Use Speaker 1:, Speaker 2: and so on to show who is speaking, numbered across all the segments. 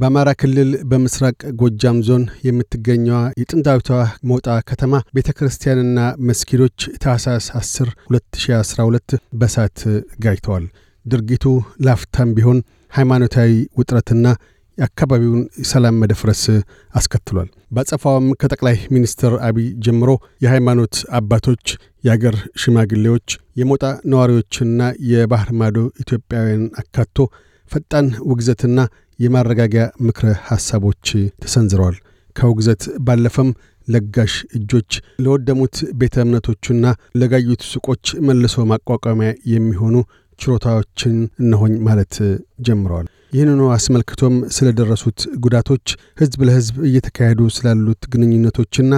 Speaker 1: በአማራ ክልል በምስራቅ ጎጃም ዞን የምትገኘዋ የጥንታዊቷ ሞጣ ከተማ ቤተ ክርስቲያንና መስጊዶች ታህሳስ 10 2012 በእሳት ጋይተዋል። ድርጊቱ ላፍታም ቢሆን ሃይማኖታዊ ውጥረትና የአካባቢውን ሰላም መደፍረስ አስከትሏል። በጸፋውም ከጠቅላይ ሚኒስትር አብይ ጀምሮ የሃይማኖት አባቶች፣ የአገር ሽማግሌዎች፣ የሞጣ ነዋሪዎችና የባህር ማዶ ኢትዮጵያውያን አካቶ ፈጣን ውግዘትና የማረጋጊያ ምክረ ሐሳቦች ተሰንዝረዋል። ከውግዘት ባለፈም ለጋሽ እጆች ለወደሙት ቤተ እምነቶቹና ለጋዩት ሱቆች መልሶ ማቋቋሚያ የሚሆኑ ችሮታዎችን እነሆኝ ማለት ጀምረዋል። ይህንኑ አስመልክቶም ስለደረሱት ጉዳቶች፣ ሕዝብ ለሕዝብ እየተካሄዱ ስላሉት ግንኙነቶችና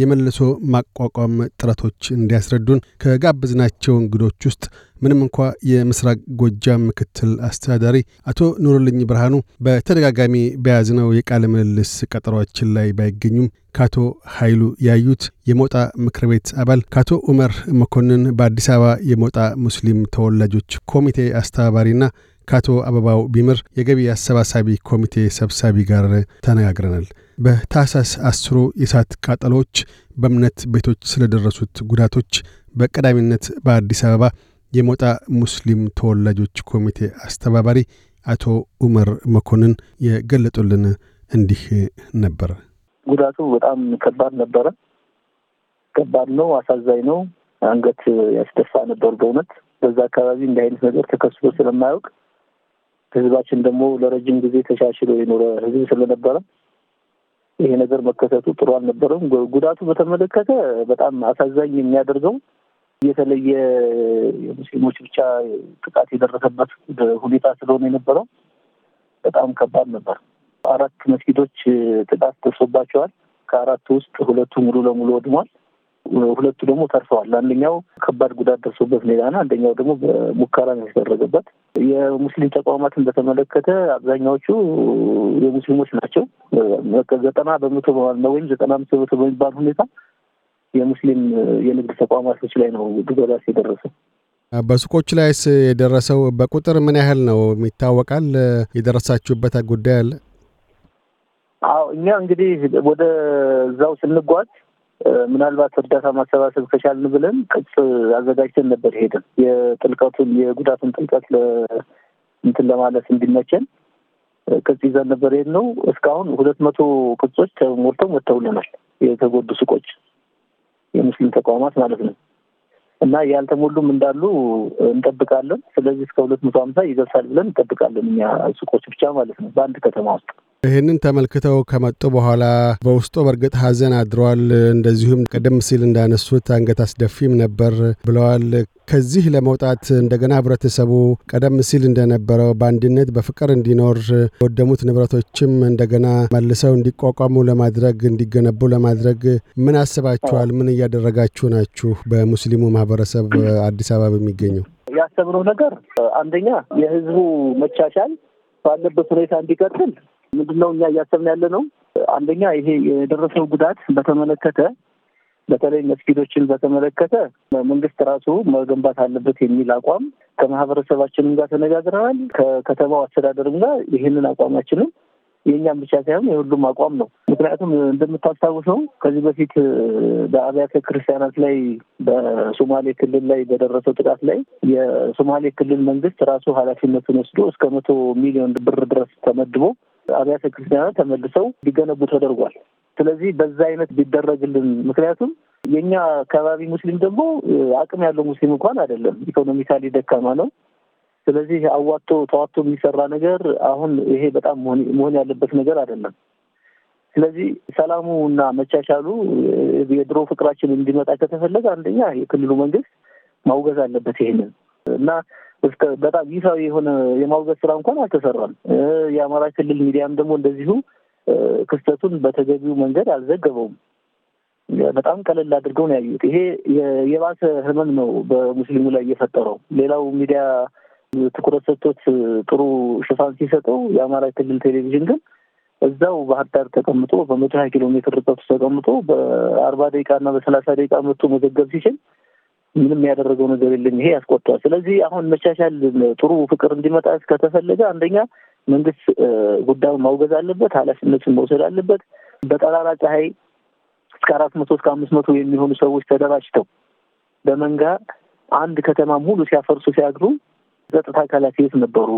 Speaker 1: የመልሶ ማቋቋም ጥረቶች እንዲያስረዱን ከጋበዝናቸው እንግዶች ውስጥ ምንም እንኳ የምስራቅ ጎጃም ምክትል አስተዳዳሪ አቶ ኑርልኝ ብርሃኑ በተደጋጋሚ በያዝነው የቃለ ምልልስ ቀጠሯችን ላይ ባይገኙም ከአቶ ኃይሉ ያዩት የሞጣ ምክር ቤት አባል፣ ከአቶ ዑመር መኮንን በአዲስ አበባ የሞጣ ሙስሊም ተወላጆች ኮሚቴ አስተባባሪና ከአቶ አበባው ቢምር የገቢ አሰባሳቢ ኮሚቴ ሰብሳቢ ጋር ተነጋግረናል። በታህሳስ አስሩ የእሳት ቃጠሎዎች በእምነት ቤቶች ስለደረሱት ጉዳቶች በቀዳሚነት በአዲስ አበባ የሞጣ ሙስሊም ተወላጆች ኮሚቴ አስተባባሪ አቶ ኡመር መኮንን የገለጡልን እንዲህ ነበር።
Speaker 2: ጉዳቱ በጣም ከባድ ነበረ። ከባድ ነው፣ አሳዛኝ ነው፣ አንገት ያስደፋ ነበር። በእውነት በዛ አካባቢ እንዲህ አይነት ነገር ተከስቶ ስለማያውቅ ህዝባችን ደግሞ ለረጅም ጊዜ ተሻሽሎ የኖረ ህዝብ ስለነበረ ይሄ ነገር መከሰቱ ጥሩ አልነበረም። ጉዳቱ በተመለከተ በጣም አሳዛኝ የሚያደርገው የተለየ የሙስሊሞች ብቻ ጥቃት የደረሰበት ሁኔታ ስለሆነ የነበረው በጣም ከባድ ነበር። አራት መስጊዶች ጥቃት ደርሶባቸዋል። ከአራቱ ውስጥ ሁለቱ ሙሉ ለሙሉ ወድሟል። ሁለቱ ደግሞ ተርፈዋል። አንደኛው ከባድ ጉዳት ደርሶበት ሜዳ ነው። አንደኛው ደግሞ በሙከራ ነው የተደረገበት። የሙስሊም ተቋማትን በተመለከተ አብዛኛዎቹ የሙስሊሞች ናቸው። ዘጠና በመቶ በማለ ወይም ዘጠና አምስት በመቶ በሚባል ሁኔታ የሙስሊም የንግድ ተቋማቶች ላይ ነው ጉዳት የደረሰው።
Speaker 1: በሱቆች ላይስ የደረሰው በቁጥር ምን ያህል ነው ይታወቃል? የደረሳችሁበት ጉዳይ አለ?
Speaker 2: አዎ እኛ እንግዲህ ወደ እዛው ስንጓዝ ምናልባት እርዳታ ማሰባሰብ ከቻልን ብለን ቅጽ አዘጋጅተን ነበር። ሄደን የጥልቀቱን የጉዳቱን ጥልቀት እንትን ለማለት እንዲመቸን ቅጽ ይዘን ነበር ነው። እስካሁን ሁለት መቶ ቅጾች ተሞልተው መጥተውልናል። የተጎዱ ሱቆች፣ የሙስሊም ተቋማት ማለት ነው እና ያልተሞሉም እንዳሉ እንጠብቃለን። ስለዚህ እስከ ሁለት መቶ ሀምሳ ይደርሳል ብለን እንጠብቃለን እኛ ሱቆች ብቻ ማለት ነው በአንድ ከተማ ውስጥ
Speaker 1: ይህንን ተመልክተው ከመጡ በኋላ በውስጡ በእርግጥ ሀዘን አድሯል፣ እንደዚሁም ቀደም ሲል እንዳነሱት አንገት አስደፊም ነበር ብለዋል። ከዚህ ለመውጣት እንደገና ህብረተሰቡ ቀደም ሲል እንደነበረው በአንድነት በፍቅር እንዲኖር የወደሙት ንብረቶችም እንደገና መልሰው እንዲቋቋሙ ለማድረግ እንዲገነቡ ለማድረግ ምን አስባችኋል? ምን እያደረጋችሁ ናችሁ? በሙስሊሙ ማህበረሰብ አዲስ አበባ በሚገኘው
Speaker 2: ያሰብነው ነገር አንደኛ የህዝቡ መቻቻል ባለበት ሁኔታ እንዲቀጥል ምንድን ነው እኛ እያሰብን ያለ ነው። አንደኛ ይሄ የደረሰው ጉዳት በተመለከተ በተለይ መስጊዶችን በተመለከተ መንግስት ራሱ መገንባት አለበት የሚል አቋም ከማህበረሰባችንም ጋር ተነጋግረናል። ከከተማው አስተዳደርም ጋር ይህንን አቋማችንም የእኛም ብቻ ሳይሆን የሁሉም አቋም ነው። ምክንያቱም እንደምታስታውሰው ከዚህ በፊት በአብያተ ክርስቲያናት ላይ በሶማሌ ክልል ላይ በደረሰው ጥቃት ላይ የሶማሌ ክልል መንግስት ራሱ ኃላፊነቱን ወስዶ እስከ መቶ ሚሊዮን ብር ድረስ ተመድቦ አብያተ ክርስቲያናት ተመልሰው ሊገነቡ ተደርጓል። ስለዚህ በዛ አይነት ቢደረግልን። ምክንያቱም የእኛ አካባቢ ሙስሊም ደግሞ አቅም ያለው ሙስሊም እንኳን አይደለም፣ ኢኮኖሚካሊ ደካማ ነው። ስለዚህ አዋቶ ተዋቶ የሚሰራ ነገር አሁን ይሄ በጣም መሆን ያለበት ነገር አይደለም። ስለዚህ ሰላሙ እና መቻቻሉ የድሮ ፍቅራችን እንዲመጣ ከተፈለገ አንደኛ የክልሉ መንግስት ማውገዝ አለበት ይሄንን እና እስከ በጣም ይፋዊ የሆነ የማውገዝ ስራ እንኳን አልተሰራም። የአማራ ክልል ሚዲያም ደግሞ እንደዚሁ ክስተቱን በተገቢው መንገድ አልዘገበውም። በጣም ቀለል አድርገው ነው ያዩት። ይሄ የባሰ ህመም ነው በሙስሊሙ ላይ እየፈጠረው። ሌላው ሚዲያ ትኩረት ሰጥቶት ጥሩ ሽፋን ሲሰጠው የአማራ ክልል ቴሌቪዥን ግን እዛው ባህር ዳር ተቀምጦ በመቶ ሀያ ኪሎ ሜትር ርቀቱ ተቀምጦ በአርባ ደቂቃ እና በሰላሳ ደቂቃ መጥቶ መዘገብ ሲችል ምንም ያደረገው ነገር የለም። ይሄ ያስቆጥቷል። ስለዚህ አሁን መቻቻል፣ ጥሩ ፍቅር እንዲመጣ ከተፈለገ አንደኛ መንግስት ጉዳዩን ማውገዝ አለበት፣ ኃላፊነቱን መውሰድ አለበት። በጠራራ ፀሐይ እስከ አራት መቶ እስከ አምስት መቶ የሚሆኑ ሰዎች ተደራጅተው በመንጋ አንድ ከተማ ሙሉ ሲያፈርሱ ሲያግሩ ጸጥታ አካላት የት ነበሩ?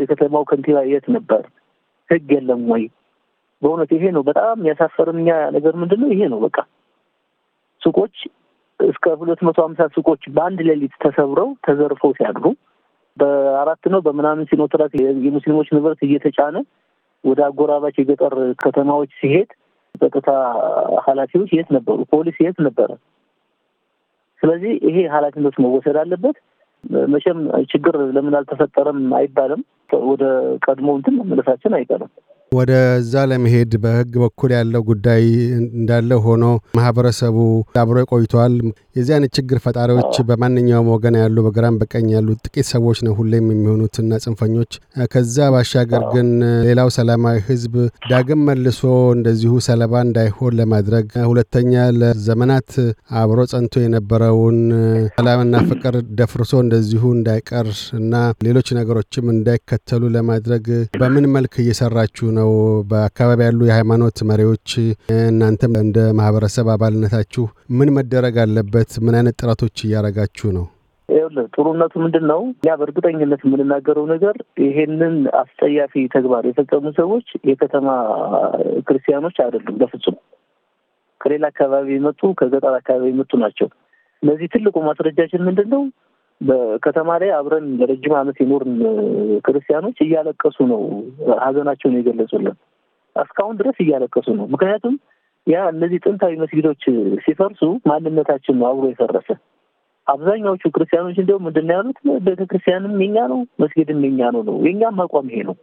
Speaker 2: የከተማው ከንቲባ የት ነበር? ህግ የለም ወይ? በእውነት ይሄ ነው በጣም ያሳፈረኛ ነገር ምንድን ነው? ይሄ ነው በቃ ሱቆች እስከ ሁለት መቶ ሀምሳ ሱቆች በአንድ ሌሊት ተሰብረው ተዘርፈው ሲያድሩ በአራት ነው በምናምን ሲኖትራክ የሙስሊሞች ንብረት እየተጫነ ወደ አጎራባች የገጠር ከተማዎች ሲሄድ ጸጥታ ኃላፊዎች የት ነበሩ? ፖሊስ የት ነበረ? ስለዚህ ይሄ ኃላፊነት መወሰድ አለበት። መቼም ችግር ለምን አልተፈጠረም አይባልም። ወደ ቀድሞ እንትን መመለሳችን አይቀርም።
Speaker 1: ወደዛ ለመሄድ በህግ በኩል ያለው ጉዳይ እንዳለ ሆኖ ማህበረሰቡ አብሮ ቆይቷል። የዚያን ችግር ፈጣሪዎች በማንኛውም ወገን ያሉ በግራም በቀኝ ያሉ ጥቂት ሰዎች ነው ሁሌም የሚሆኑትና ጽንፈኞች። ከዛ ባሻገር ግን ሌላው ሰላማዊ ህዝብ ዳግም መልሶ እንደዚሁ ሰለባ እንዳይሆን ለማድረግ ሁለተኛ ለዘመናት አብሮ ጸንቶ የነበረውን ሰላምና ፍቅር ደፍርሶ እንደዚሁ እንዳይቀር እና ሌሎች ነገሮችም እንዳይከተሉ ለማድረግ በምን መልክ እየሰራችሁ ነው? ነው። በአካባቢ ያሉ የሃይማኖት መሪዎች እናንተም እንደ ማህበረሰብ አባልነታችሁ ምን መደረግ አለበት? ምን አይነት ጥረቶች እያደረጋችሁ ነው?
Speaker 2: ይኸውልህ ጥሩነቱ ምንድን ነው? እኛ በእርግጠኝነት የምንናገረው ነገር ይሄንን አስጸያፊ ተግባር የፈጸሙ ሰዎች የከተማ ክርስቲያኖች አይደሉም። በፍጹም ከሌላ አካባቢ የመጡ ከገጠር አካባቢ የመጡ ናቸው። እነዚህ ትልቁ ማስረጃችን ምንድን ነው? በከተማ ላይ አብረን ለረጅም ዓመት የኖርን ክርስቲያኖች እያለቀሱ ነው ሀዘናቸውን የገለጹልን። እስካሁን ድረስ እያለቀሱ ነው። ምክንያቱም ያ እነዚህ ጥንታዊ መስጊዶች ሲፈርሱ ማንነታችን ነው አብሮ የፈረሰ። አብዛኛዎቹ ክርስቲያኖች እንዲሁ ምንድን ነው ያሉት፣ ቤተክርስቲያንም የኛ ነው፣ መስጊድም የኛ ነው ነው። የእኛም አቋም ይሄ ነው።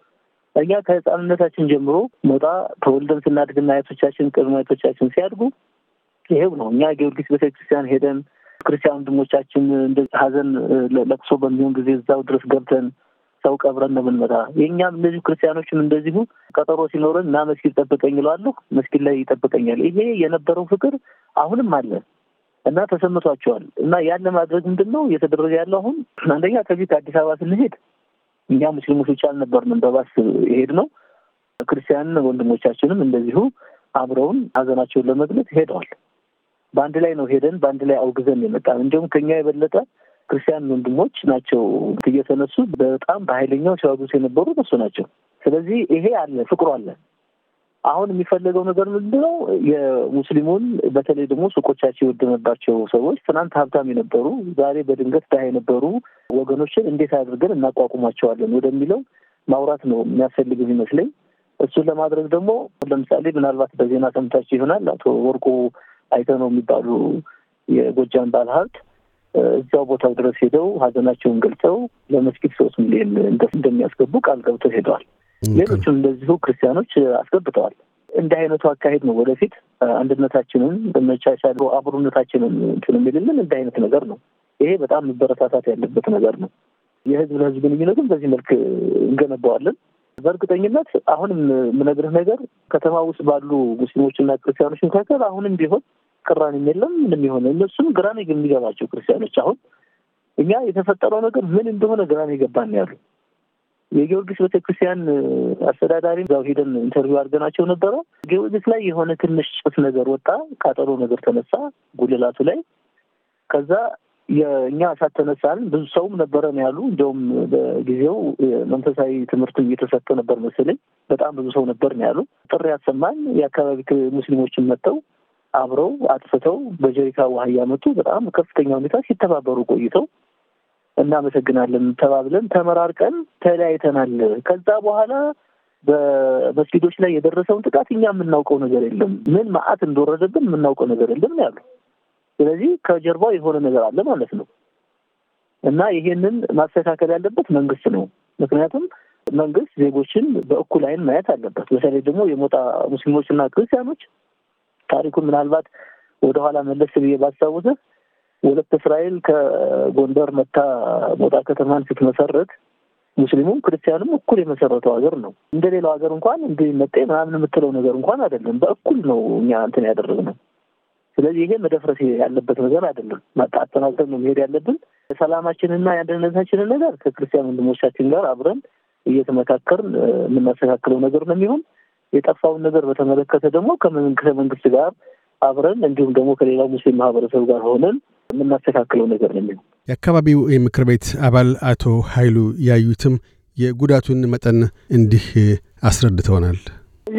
Speaker 2: እኛ ከህፃንነታችን ጀምሮ ሞጣ ተወልደን ስናድግና አያቶቻችን ቅድመ አያቶቻችን ሲያድጉ ይሄው ነው። እኛ ጊዮርጊስ ቤተክርስቲያን ሄደን ክርስቲያን ወንድሞቻችን እንደ ሀዘን ለቅሶ በሚሆን ጊዜ እዛው ድረስ ገብተን ሰው ቀብረን ነው የምንመጣ። የእኛም እንደዚሁ ክርስቲያኖችም እንደዚሁ ቀጠሮ ሲኖረን እና መስጊድ ጠብቀኝ እለዋለሁ፣ መስጊድ ላይ ይጠብቀኛል። ይሄ የነበረው ፍቅር አሁንም አለ እና ተሰምቷቸዋል። እና ያን ለማድረግ ምንድን ነው እየተደረገ ያለው? አሁን አንደኛ ከዚህ አዲስ አበባ ስንሄድ እኛ ሙስሊሞች ብቻ አልነበርንም፣ በባስ ሄድ ነው። ክርስቲያን ወንድሞቻችንም እንደዚሁ አብረውን ሀዘናቸውን ለመግለጽ ሄደዋል። በአንድ ላይ ነው ሄደን በአንድ ላይ አውግዘን የመጣ ነው። እንዲሁም ከኛ የበለጠ ክርስቲያን ወንድሞች ናቸው እየተነሱ በጣም በኃይለኛው ሲዋጉት የነበሩ እሱ ናቸው። ስለዚህ ይሄ አለ፣ ፍቅሩ አለ። አሁን የሚፈለገው ነገር ምንድነው ነው? የሙስሊሙን በተለይ ደግሞ ሱቆቻቸው የወደመባቸው ሰዎች ትናንት ሀብታም የነበሩ ዛሬ በድንገት ድሃ የነበሩ ወገኖችን እንዴት አድርገን እናቋቁማቸዋለን ወደሚለው ማውራት ነው የሚያስፈልግ ይመስለኝ። እሱን ለማድረግ ደግሞ ለምሳሌ ምናልባት በዜና ሰምታችሁ ይሆናል አቶ ወርቁ አይተነው የሚባሉ የጎጃም ባለ ሀብት እዛው ቦታው ድረስ ሄደው ሀዘናቸውን ገልጸው ለመስጊድ ሶስት ሚሊዮን እንደሚያስገቡ ቃል ገብተው ሄደዋል። ሌሎቹም እንደዚሁ ክርስቲያኖች አስገብተዋል። እንዲህ አይነቱ አካሄድ ነው ወደፊት አንድነታችንን በመቻቻል አብሮነታችንን እንትን የሚልልን እንዲህ አይነት ነገር ነው። ይሄ በጣም መበረታታት ያለበት ነገር ነው። የህዝብ ለህዝብ ግንኙነትን በዚህ መልክ እንገነባዋለን። በእርግጠኝነት አሁንም የምነግርህ ነገር ከተማ ውስጥ ባሉ ሙስሊሞችና ክርስቲያኖች መካከል አሁንም ቢሆን ቅራኔም የለም ምንም የሆነ እነሱም ግራኔ ግን የሚገባቸው ክርስቲያኖች አሁን እኛ የተፈጠረው ነገር ምን እንደሆነ ግራኔ ገባን ያሉ የጊዮርጊስ ቤተክርስቲያን አስተዳዳሪ ዛው ሄደን ኢንተርቪው አድርገናቸው ነበረ። ጊዮርጊስ ላይ የሆነ ትንሽ ጭስ ነገር ወጣ፣ ቃጠሎ ነገር ተነሳ ጉልላቱ ላይ። ከዛ የእኛ እሳት ተነሳን ብዙ ሰውም ነበረን ያሉ። እንዲያውም በጊዜው መንፈሳዊ ትምህርቱ እየተሰጠ ነበር መሰለኝ፣ በጣም ብዙ ሰው ነበር ያሉ። ጥሪ ያሰማን የአካባቢ ሙስሊሞችን መጥተው አብረው አጥፍተው በጀሪካ ውሃ እያመጡ በጣም ከፍተኛ ሁኔታ ሲተባበሩ ቆይተው እናመሰግናለን ተባብለን ተመራርቀን ተለያይተናል። ከዛ በኋላ በመስጊዶች ላይ የደረሰውን ጥቃት እኛ የምናውቀው ነገር የለም፣ ምን መዓት እንደወረደብን የምናውቀው ነገር የለም ነው ያሉ። ስለዚህ ከጀርባው የሆነ ነገር አለ ማለት ነው እና ይሄንን ማስተካከል ያለበት መንግስት ነው። ምክንያቱም መንግስት ዜጎችን በእኩል አይን ማየት አለበት። በተለይ ደግሞ የሞጣ ሙስሊሞችና ክርስቲያኖች ታሪኩን ምናልባት ወደኋላ መለስ ብዬ ባስታውስ ወለት እስራኤል ከጎንደር መታ ሞጣ ከተማን ስትመሰረት ሙስሊሙም ክርስቲያኑም እኩል የመሰረተው ሀገር ነው። እንደ ሌላው ሀገር እንኳን እንዲህ መጤ ምናምን የምትለው ነገር እንኳን አይደለም። በእኩል ነው እኛ እንትን ያደረግነው። ስለዚህ ይሄ መደፍረስ ያለበት ነገር አይደለም። አጠናክረን ነው መሄድ ያለብን። ሰላማችንና የአንድነታችንን ነገር ከክርስቲያን ወንድሞቻችን ጋር አብረን እየተመካከርን የምናስተካክለው ነገር ነው የሚሆን የጠፋውን ነገር በተመለከተ ደግሞ ከመንግስት ጋር አብረን እንዲሁም ደግሞ ከሌላው ሙስሊም ማህበረሰብ ጋር ሆነን የምናስተካክለው ነገር ነው የሚሆን።
Speaker 1: የአካባቢው የምክር ቤት አባል አቶ ኃይሉ ያዩትም የጉዳቱን መጠን እንዲህ አስረድተውናል።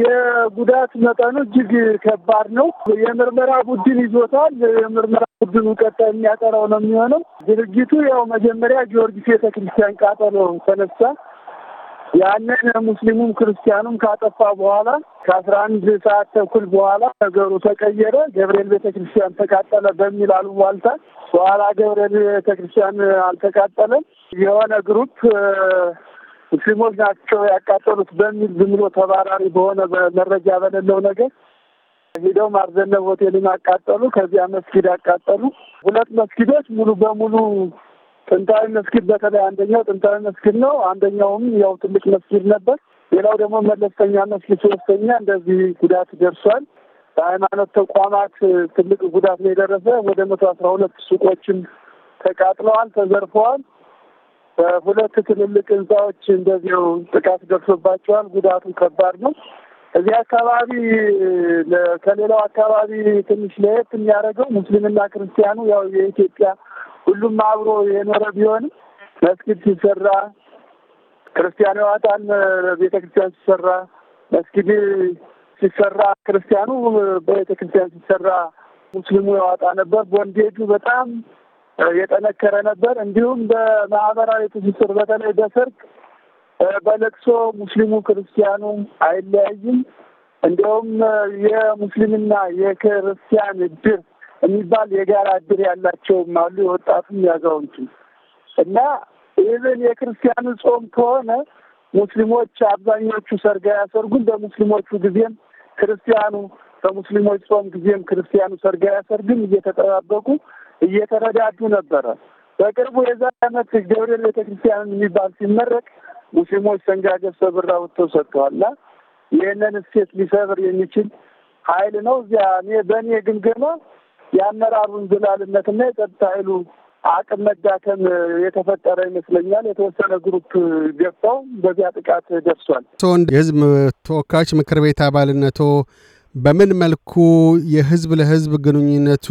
Speaker 3: የጉዳት መጠኑ እጅግ ከባድ ነው። የምርመራ ቡድን ይዞታል። የምርመራ ቡድኑ ቀጣይ የሚያጠራው ነው የሚሆነው። ድርጅቱ ያው መጀመሪያ ጊዮርጊስ ቤተክርስቲያን ቃጠሎ ተነሳ። ያንን ሙስሊሙም ክርስቲያኑም ካጠፋ በኋላ ከአስራ አንድ ሰዓት ተኩል በኋላ ነገሩ ተቀየረ። ገብርኤል ቤተ ክርስቲያን ተቃጠለ በሚል አሉባልታ በኋላ ገብርኤል ቤተ ክርስቲያን አልተቃጠለም፣ የሆነ ግሩፕ ሙስሊሞች ናቸው ያቃጠሉት በሚል ዝም ብሎ ተባራሪ በሆነ መረጃ በሌለው ነገር ሄደው ማርዘነብ ሆቴልን አቃጠሉ። ከዚያ መስጊድ አቃጠሉ። ሁለት መስጊዶች ሙሉ በሙሉ ጥንታዊ መስጊድ በተለይ አንደኛው ጥንታዊ መስጊድ ነው። አንደኛውም ያው ትልቅ መስጊድ ነበር። ሌላው ደግሞ መለስተኛ መስጊድ ሶስተኛ እንደዚህ ጉዳት ደርሷል። በሃይማኖት ተቋማት ትልቅ ጉዳት ነው የደረሰ። ወደ መቶ አስራ ሁለት ሱቆችን ተቃጥለዋል፣ ተዘርፈዋል። በሁለት ትልልቅ ህንፃዎች እንደዚሁ ጥቃት ደርሶባቸዋል። ጉዳቱ ከባድ ነው። እዚህ አካባቢ ከሌላው አካባቢ ትንሽ ለየት የሚያደርገው ሙስሊምና ክርስቲያኑ ያው የኢትዮጵያ ሁሉም አብሮ የኖረ ቢሆንም መስጊድ ሲሰራ ክርስቲያኑ ያወጣል፣ ቤተ ክርስቲያን ሲሰራ መስጊድ ሲሰራ ክርስቲያኑ በቤተ ክርስቲያን ሲሰራ ሙስሊሙ ያዋጣ ነበር። ቦንዴጁ በጣም የጠነከረ ነበር። እንዲሁም በማህበራዊ ትስስር በተለይ በሰርግ በለቅሶ ሙስሊሙ ክርስቲያኑ አይለያይም። እንዲሁም የሙስሊምና የክርስቲያን ድር የሚባል የጋራ እድር ያላቸውም አሉ፣ የወጣቱም ያዛውንቱም እና ይህን የክርስቲያኑ ጾም ከሆነ ሙስሊሞች አብዛኞቹ ሰርጋ ያሰርጉን በሙስሊሞቹ ጊዜም ክርስቲያኑ በሙስሊሞች ጾም ጊዜም ክርስቲያኑ ሰርጋ ያሰርግም እየተጠባበቁ እየተረዳዱ ነበረ። በቅርቡ የዛ ዓመት ገብርኤል ቤተክርስቲያን የሚባል ሲመረቅ ሙስሊሞች ሰንጋ ገብሰ ብር አውጥተው ሰጥተዋልና ይህንን እሴት ሊሰብር የሚችል ኃይል ነው። እዚያ እኔ በእኔ ግምገማ የአመራሩን ዝላልነትና የጸጥታ ኃይሉ አቅም መዳከም የተፈጠረ ይመስለኛል። የተወሰነ ግሩፕ ገብተው
Speaker 1: በዚያ ጥቃት ደርሷል። ሶን የህዝብ ተወካዮች ምክር ቤት አባልነቶ በምን መልኩ የህዝብ ለህዝብ ግንኙነቱ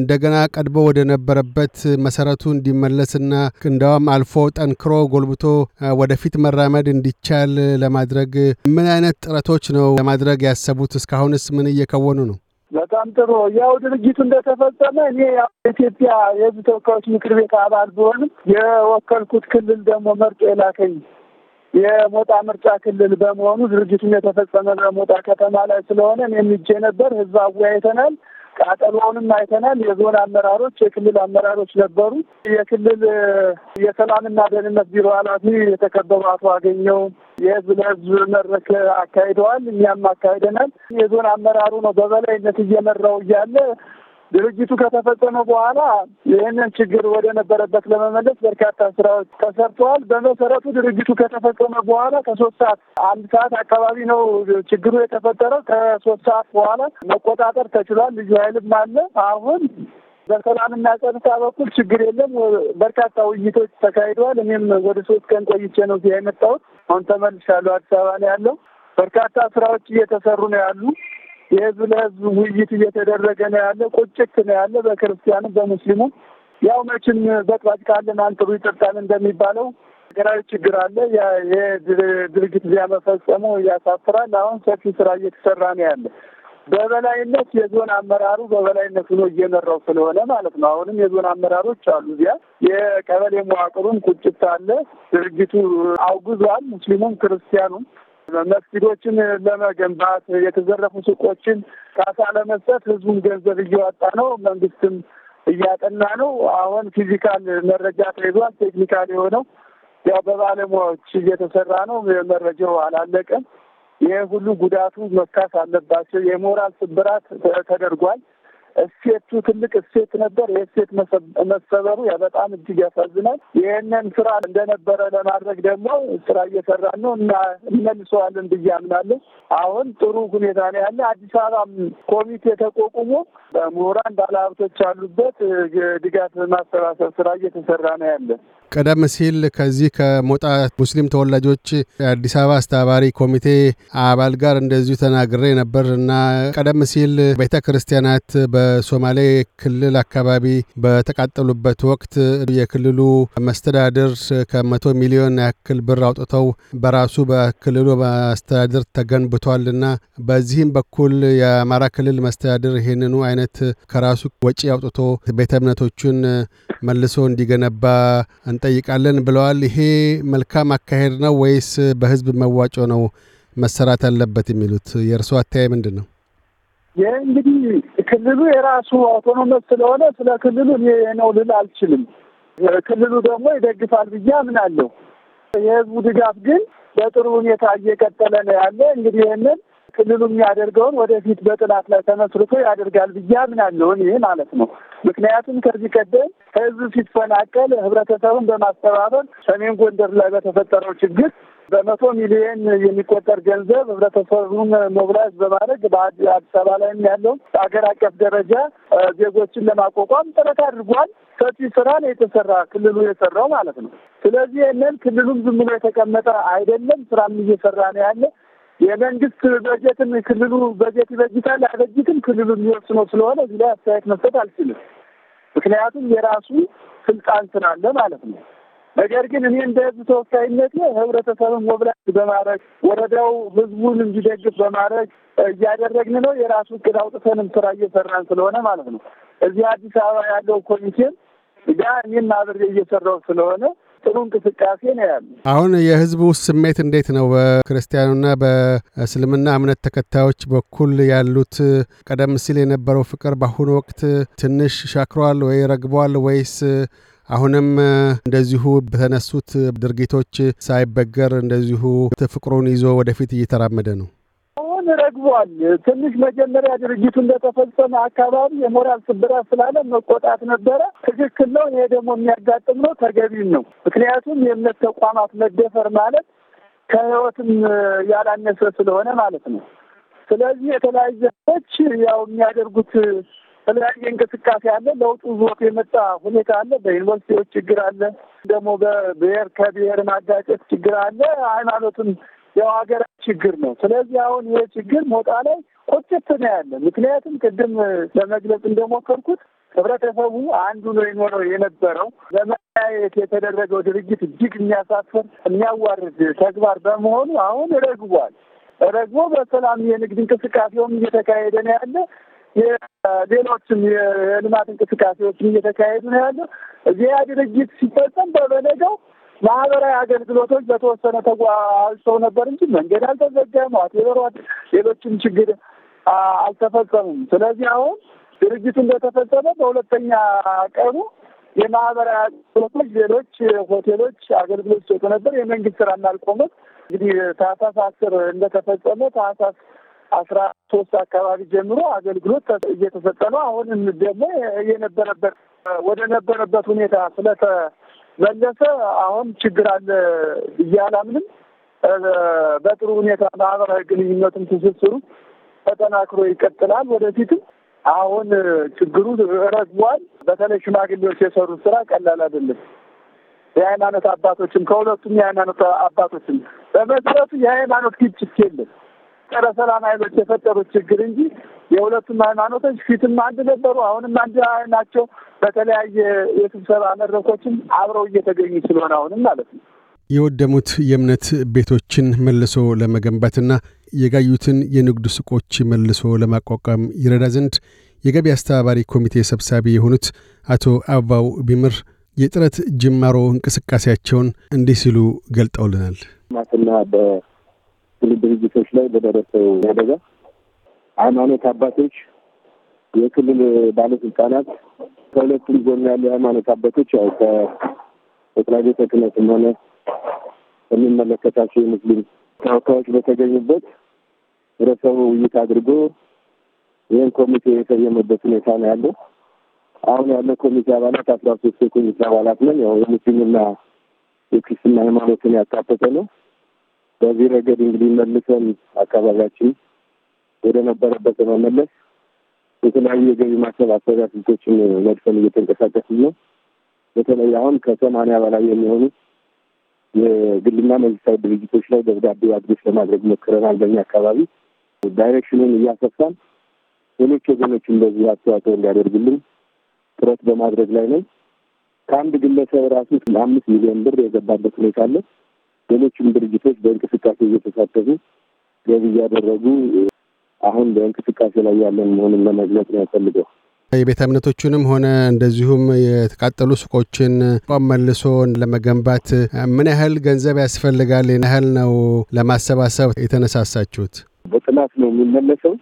Speaker 1: እንደገና ቀድቦ ወደ ነበረበት መሰረቱ እንዲመለስና እንደውም አልፎ ጠንክሮ ጎልብቶ ወደፊት መራመድ እንዲቻል ለማድረግ ምን አይነት ጥረቶች ነው ለማድረግ ያሰቡት? እስካሁንስ ምን እየከወኑ ነው?
Speaker 3: በጣም ጥሩ። ያው ድርጊቱ እንደተፈጸመ እኔ የኢትዮጵያ የሕዝብ ተወካዮች ምክር ቤት አባል ቢሆንም የወከልኩት ክልል ደግሞ መርጦ የላከኝ የሞጣ ምርጫ ክልል በመሆኑ ድርጊቱን የተፈጸመ በሞጣ ከተማ ላይ ስለሆነ እኔም ሄጄ ነበር። ህዝብ አወያይተናል። ቃጠሎውንም አይተናል። የዞን አመራሮች፣ የክልል አመራሮች ነበሩ። የክልል የሰላምና ደህንነት ቢሮ ኃላፊ የተከበሩ አቶ አገኘው የህዝብ ለህዝብ መድረክ አካሂደዋል። እኛም አካሂደናል። የዞን አመራሩ ነው በበላይነት እየመራው እያለ ድርጅቱ ከተፈጸመ በኋላ ይህንን ችግር ወደ ነበረበት ለመመለስ በርካታ ስራዎች ተሰርተዋል። በመሰረቱ ድርጅቱ ከተፈጸመ በኋላ ከሶስት ሰዓት አንድ ሰዓት አካባቢ ነው ችግሩ የተፈጠረው። ከሶስት ሰዓት በኋላ መቆጣጠር ተችሏል። ልዩ ኃይልም አለ አሁን በሰላምና ጸጥታ በኩል ችግር የለም። በርካታ ውይይቶች ተካሂደዋል። እኔም ወደ ሶስት ቀን ቆይቼ ነው እዚህ የመጣሁት። አሁን ተመልሻለሁ። አዲስ አበባ ላይ ያለው። በርካታ ስራዎች እየተሰሩ ነው ያሉ የህዝብ ለህዝብ ውይይት እየተደረገ ነው ያለ፣ ቁጭት ነው ያለ በክርስቲያንም በሙስሊሙም። ያው መቼም በጥባጭ ካለን አንጥሩ ይጠጣል እንደሚባለው ሀገራዊ ችግር አለ። የድርጅት እዚያ መፈጸሙ እያሳፍራል። አሁን ሰፊ ስራ እየተሰራ ነው ያለ በበላይነት የዞን አመራሩ በበላይነት ሆኖ እየመራው ስለሆነ ማለት ነው። አሁንም የዞን አመራሮች አሉ እዚያ። የቀበሌ መዋቅሩን ቁጭት አለ። ድርጅቱ አውግዟል፣ ሙስሊሙም ክርስቲያኑም መስጊዶችን ለመገንባት የተዘረፉ ሱቆችን ካሳ ለመስጠት ህዝቡን ገንዘብ እያወጣ ነው። መንግስትም እያጠና ነው። አሁን ፊዚካል መረጃ ተይዟል። ቴክኒካል የሆነው ያው በባለሙያዎች እየተሰራ ነው። መረጃው አላለቀም። ይህ ሁሉ ጉዳቱ መካስ አለባቸው። የሞራል ስብራት ተደርጓል። እሴቱ ትልቅ እሴት ነበር። የእሴት መሰበሩ ያ በጣም እጅግ ያሳዝናል። ይህንን ስራ እንደነበረ ለማድረግ ደግሞ ስራ እየሰራን ነው እና እንመልሰዋለን ብዬ አምናለሁ። አሁን ጥሩ ሁኔታ ነው ያለ። አዲስ አበባ ኮሚቴ ተቋቁሞ ምሁራን ባለሀብቶች ያሉበት ድጋፍ ማሰባሰብ ስራ እየተሰራ ነው ያለ።
Speaker 1: ቀደም ሲል ከዚህ ከሞጣ ሙስሊም ተወላጆች የአዲስ አበባ አስተባባሪ ኮሚቴ አባል ጋር እንደዚሁ ተናግሬ ነበር እና ቀደም ሲል ቤተ ክርስቲያናት በሶማሌ ክልል አካባቢ በተቃጠሉበት ወቅት የክልሉ መስተዳድር ከመቶ ሚሊዮን ያክል ብር አውጥተው በራሱ በክልሉ መስተዳድር ተገንብቷል እና በዚህም በኩል የአማራ ክልል መስተዳድር ይህንኑ አይነት ከራሱ ወጪ አውጥቶ ቤተ እምነቶቹን መልሶ እንዲገነባ እንጠይቃለን ብለዋል። ይሄ መልካም አካሄድ ነው ወይስ በህዝብ መዋጮ ነው መሰራት አለበት የሚሉት የእርስዎ አተያይ ምንድን ነው?
Speaker 3: ይህ እንግዲህ ክልሉ የራሱ አውቶኖመስ ስለሆነ ስለ ክልሉ ነው ልል አልችልም። ክልሉ ደግሞ ይደግፋል ብዬ አምናለሁ። የህዝቡ ድጋፍ ግን በጥሩ ሁኔታ እየቀጠለ ነው ያለ። እንግዲህ ይህንን ክልሉ የሚያደርገውን ወደፊት በጥናት ላይ ተመስርቶ ያደርጋል ብዬ አምናለሁ እኔ ማለት ነው። ምክንያቱም ከዚህ ቀደም ህዝብ ሲፈናቀል ህብረተሰቡን በማስተባበር ሰሜን ጎንደር ላይ በተፈጠረው ችግር በመቶ ሚሊዮን የሚቆጠር ገንዘብ ህብረተሰቡን ሞብላይዝ በማድረግ በአዲስ አበባ ላይም ያለው አገር አቀፍ ደረጃ ዜጎችን ለማቋቋም ጥረት አድርጓል። ሰፊ ስራ ነው የተሰራ ክልሉ የሰራው ማለት ነው። ስለዚህ ይህንን ክልሉም ዝም ብሎ የተቀመጠ አይደለም፣ ስራም እየሰራ ነው ያለ የመንግስት በጀትን ክልሉ በጀት ይበጅታል አይበጅትም ክልሉ የሚወስነው ስለሆነ እዚህ ላይ አስተያየት መስጠት አልችልም። ምክንያቱም የራሱ ስልጣን ስላለ ማለት ነው። ነገር ግን እኔ እንደ ህዝብ ተወካይነት ህብረተሰብን ሞብላይዝ በማድረግ ወረዳው ህዝቡን እንዲደግፍ በማድረግ እያደረግን ነው። የራሱ እቅድ አውጥተንም ስራ እየሰራን ስለሆነ ማለት ነው። እዚህ አዲስ አበባ ያለው ኮሚቴም ጋር እኔም አብሬ እየሰራው ስለሆነ ጥሩ እንቅስቃሴ ነው
Speaker 1: ያሉ። አሁን የህዝቡ ስሜት እንዴት ነው? በክርስቲያኑና በእስልምና እምነት ተከታዮች በኩል ያሉት ቀደም ሲል የነበረው ፍቅር በአሁኑ ወቅት ትንሽ ሻክሯል ወይ ረግቧል ወይስ አሁንም እንደዚሁ በተነሱት ድርጊቶች ሳይበገር እንደዚሁ ፍቅሩን ይዞ ወደፊት እየተራመደ ነው?
Speaker 3: አሁን ረግቧል። ትንሽ መጀመሪያ ድርጅቱ እንደተፈጸመ አካባቢ የሞራል ስብራት ስላለ መቆጣት ነበረ። ትክክል ነው። ይሄ ደግሞ የሚያጋጥም ነው፣ ተገቢም ነው። ምክንያቱም የእምነት ተቋማት መደፈር ማለት ከህይወትም ያላነሰ ስለሆነ ማለት ነው። ስለዚህ የተለያዩ ዘቦች ያው የሚያደርጉት የተለያየ እንቅስቃሴ አለ። ለውጡ ዞት የመጣ ሁኔታ አለ። በዩኒቨርሲቲዎች ችግር አለ። ደግሞ በብሔር ከብሔር ማጋጨት ችግር አለ። ሃይማኖትም ያው ሀገር ችግር ነው። ስለዚህ አሁን ይህ ችግር ሞጣ ላይ ቁጭት ነው ያለ። ምክንያቱም ቅድም ለመግለጽ እንደሞከርኩት ህብረተሰቡ አንዱ ነው የኖረው የነበረው ለመያየት የተደረገው ድርጅት እጅግ የሚያሳፍር የሚያዋርድ ተግባር በመሆኑ አሁን ረግቧል። ረግቦ በሰላም የንግድ እንቅስቃሴውም እየተካሄደ ነው ያለ ሌሎችም የልማት እንቅስቃሴዎችም እየተካሄዱ ነው ያለው። እዚያ ድርጅት ሲፈጸም በበለገው ማህበራዊ አገልግሎቶች በተወሰነ ተጓሰው ነበር እንጂ መንገድ አልተዘጋም፣ ዋቴበሯት ሌሎችም ችግር አልተፈጸሙም። ስለዚህ አሁን ድርጅቱ እንደተፈጸመ በሁለተኛ ቀኑ የማህበራዊ አገልግሎቶች ሌሎች ሆቴሎች አገልግሎት ሰጡ ነበር። የመንግስት ስራ እናልቆመት እንግዲህ ታህሳስ አስር እንደተፈጸመ ታህሳስ አስራ ሶስት አካባቢ ጀምሮ አገልግሎት እየተሰጠ ነው። አሁንም ደግሞ የነበረበት ወደ ነበረበት ሁኔታ ስለተ መለሰ አሁን ችግር አለ ብዬ አላምንም። በጥሩ ሁኔታ ማህበራዊ ግንኙነቱም ትስስሩ ተጠናክሮ ይቀጥላል ወደፊትም። አሁን ችግሩ ረግቧል። በተለይ ሽማግሌዎች የሰሩት ስራ ቀላል አይደለም። የሃይማኖት አባቶችም ከሁለቱም የሃይማኖት አባቶችም በመሰረቱ የሃይማኖት ግጭት የለም። ጸረ ሰላም ኃይሎች የፈጠሩት ችግር እንጂ የሁለቱም ሃይማኖቶች ፊትም አንድ ነበሩ፣ አሁንም አንድ ናቸው። በተለያየ የስብሰባ መድረኮችም አብረው እየተገኙ ስለሆነ አሁንም ማለት ነው
Speaker 1: የወደሙት የእምነት ቤቶችን መልሶ ለመገንባትና የጋዩትን የንግዱ ሱቆች መልሶ ለማቋቋም ይረዳ ዘንድ የገቢ አስተባባሪ ኮሚቴ ሰብሳቢ የሆኑት አቶ አበባው ቢምር የጥረት ጅማሮ እንቅስቃሴያቸውን እንዲህ ሲሉ ገልጠውልናል።
Speaker 4: ትውልድ ድርጅቶች ላይ በደረሰው አደጋ ሃይማኖት አባቶች፣ የክልል ባለስልጣናት ከሁለቱም ጎን ያሉ የሃይማኖት አባቶች ያው ከጠቅላይ ቤተ ክህነትም ሆነ የሚመለከታቸው የሙስሊም ተወካዮች በተገኙበት ረሰቡ ውይይት አድርጎ ይህን ኮሚቴ የሰየመበት ሁኔታ ነው ያለው። አሁን ያለ ኮሚቴ አባላት አስራ ሶስት የኮሚቴ አባላት ነን። ያው የሙስሊምና የክርስትና ሃይማኖትን ያካተተ ነው። በዚህ ረገድ እንግዲህ መልሰን አካባቢያችን ወደ ነበረበት ለመመለስ የተለያዩ የገቢ ማሰባሰቢያ ስልቶችን መድፈን እየተንቀሳቀስን ነው። በተለይ አሁን ከሰማንያ በላይ የሚሆኑ የግልና መንግስታዊ ድርጅቶች ላይ ደብዳቤ አድሬስ ለማድረግ ሞክረናል። በኛ አካባቢ ዳይሬክሽኑን እያሰፋን ሌሎች ወገኖችን በዚህ አስተዋጽኦ እንዲያደርግልን ጥረት በማድረግ ላይ ነው። ከአንድ ግለሰብ ራሱ ለአምስት ሚሊዮን ብር የገባበት ሁኔታ አለ። ሌሎችም ድርጅቶች በእንቅስቃሴ እየተሳተፉ ገቢ እያደረጉ አሁን በእንቅስቃሴ ላይ ያለን መሆኑን ለመግለጽ ነው ያፈልገው።
Speaker 1: የቤተ እምነቶቹንም ሆነ እንደዚሁም የተቃጠሉ ሱቆችን ቋም መልሶ ለመገንባት ምን ያህል ገንዘብ ያስፈልጋል? ምን ያህል ነው ለማሰባሰብ የተነሳሳችሁት?
Speaker 4: በጥናት ነው የሚመለሰው።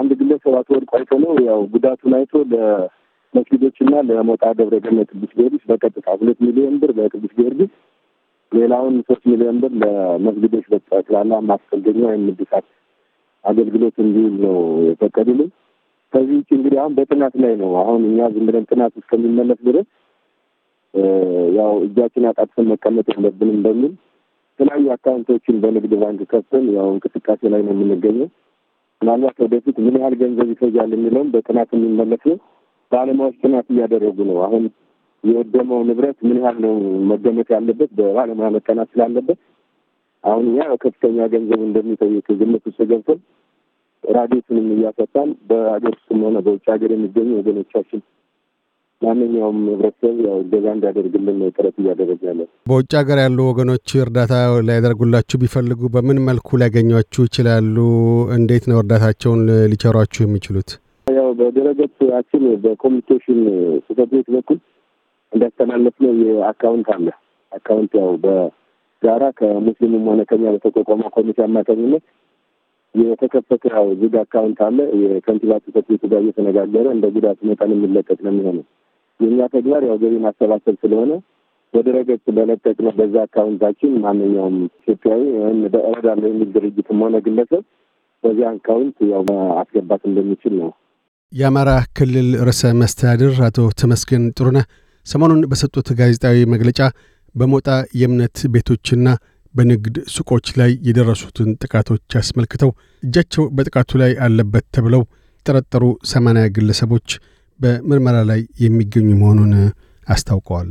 Speaker 4: አንድ ግለሰብ አቶ ወድቆ አይቶ ነው ያው ጉዳቱን አይቶ ለመስጊዶችና ለሞጣ ደብረ ገነት ቅዱስ ጊዮርጊስ በቀጥታ ሁለት ሚሊዮን ብር በቅዱስ ጊዮርጊስ ሌላውን ሶስት ሚሊዮን ብር ለመስጊዶች በጠቅላላ ማስቀገኛ ወይም ምድሳት አገልግሎት እንዲውል ነው የፈቀዱልን። ከዚህ ውጭ እንግዲህ አሁን በጥናት ላይ ነው። አሁን እኛ ዝም ብለን ጥናት እስከሚመለስ ድረስ ያው እጃችን አጣጥፈን መቀመጥ የለብንም በሚል የተለያዩ አካውንቶችን በንግድ ባንክ ከፍተን ያው እንቅስቃሴ ላይ ነው የምንገኘው። ምናልባት ወደፊት ምን ያህል ገንዘብ ይፈጃል የሚለውም በጥናት የሚመለስ ነው። ባለሙያዎች ጥናት እያደረጉ ነው አሁን የወደመው ንብረት ምን ያህል ነው መገመት ያለበት በባለሙያ መጠናት ስላለበት አሁን ያ ከፍተኛ ገንዘብ እንደሚጠይቅ ግምት ውስጥ ገብቶን ራዲዮቱንም እያሰጣን በሀገር ውስጥም ሆነ በውጭ ሀገር የሚገኙ ወገኖቻችን ማንኛውም ህብረተሰብ ያው እገዛ እንዲያደርግልን ጥረት እያደረግ ያለን።
Speaker 1: በውጭ ሀገር ያሉ ወገኖች እርዳታ ሊያደርጉላችሁ ቢፈልጉ በምን መልኩ ሊያገኟችሁ ይችላሉ? እንዴት ነው እርዳታቸውን ሊቸሯችሁ የሚችሉት?
Speaker 4: ያው በድረገጻችን በኮሚኒኬሽን ጽሕፈት ቤት በኩል እንዳስተላለፍ ነው የአካውንት አለ አካውንት ያው በጋራ ከሙስሊሙም ሆነ ከኛ በተቋቋመ ኮሚቴ አማካኝነት የተከፈተ ያው ዝግ አካውንት አለ። የከንቲባ ጽሕፈት ቤቱ ጋር እየተነጋገረ እንደ ጉዳት መጠን የሚለቀቅ ነው የሚሆነው። የእኛ ተግባር ያው ገቢ ማሰባሰብ ስለሆነ በድረገጽ ነው በዛ አካውንታችን ማንኛውም ኢትዮጵያዊ ወይም እረዳለሁ የሚል ድርጅትም ሆነ ግለሰብ በዚያ አካውንት ያው አስገባት እንደሚችል ነው።
Speaker 1: የአማራ ክልል ርዕሰ መስተዳድር አቶ ተመስገን ጥሩነህ ሰሞኑን በሰጡት ጋዜጣዊ መግለጫ በሞጣ የእምነት ቤቶችና በንግድ ሱቆች ላይ የደረሱትን ጥቃቶች አስመልክተው እጃቸው በጥቃቱ ላይ አለበት ተብለው የተጠረጠሩ ሰማንያ ግለሰቦች በምርመራ ላይ የሚገኙ መሆኑን አስታውቀዋል።